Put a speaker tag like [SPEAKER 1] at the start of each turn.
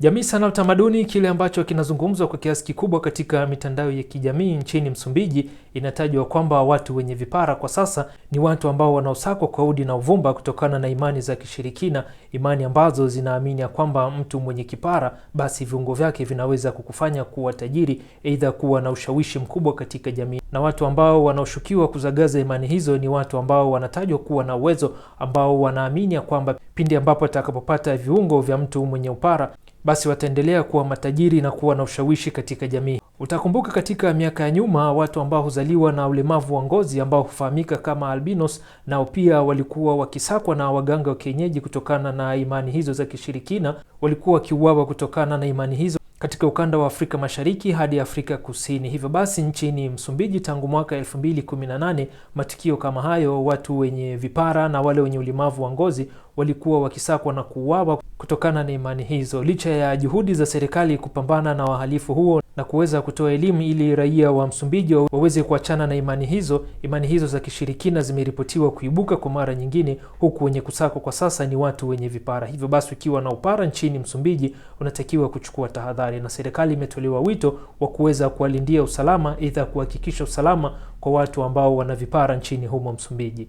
[SPEAKER 1] Jamii sana utamaduni, kile ambacho kinazungumzwa kwa kiasi kikubwa katika mitandao ya kijamii nchini Msumbiji, inatajwa kwamba watu wenye vipara kwa sasa ni watu ambao wanaosakwa kwa udi na uvumba kutokana na imani za kishirikina, imani ambazo zinaamini ya kwamba mtu mwenye kipara, basi viungo vyake vinaweza kukufanya kuwa tajiri, aidha kuwa na ushawishi mkubwa katika jamii. Na watu ambao wanaoshukiwa kuzagaza imani hizo ni watu ambao wanatajwa kuwa na uwezo, ambao wanaamini ya kwamba pindi ambapo atakapopata viungo vya mtu mwenye upara basi wataendelea kuwa matajiri na kuwa na ushawishi katika jamii. Utakumbuka katika miaka ya nyuma watu ambao huzaliwa na ulemavu wa ngozi ambao hufahamika kama albinos, nao pia walikuwa wakisakwa na waganga wa kienyeji kutokana na imani hizo za kishirikina, walikuwa wakiuawa kutokana na imani hizo katika ukanda wa Afrika Mashariki hadi Afrika Kusini. Hivyo basi, nchini Msumbiji tangu mwaka 2018 matukio kama hayo, watu wenye vipara na wale wenye ulemavu wa ngozi walikuwa wakisakwa na kuuawa. Kutokana na imani hizo, licha ya juhudi za serikali kupambana na wahalifu huo na kuweza kutoa elimu ili raia wa Msumbiji waweze kuachana na imani hizo, imani hizo za kishirikina zimeripotiwa kuibuka kwa mara nyingine, huku wenye kusako kwa sasa ni watu wenye vipara. Hivyo basi, ukiwa na upara nchini Msumbiji unatakiwa kuchukua tahadhari, na serikali imetolewa wito wa kuweza kuwalindia usalama, aidha kuhakikisha usalama kwa watu ambao wana vipara nchini humo Msumbiji.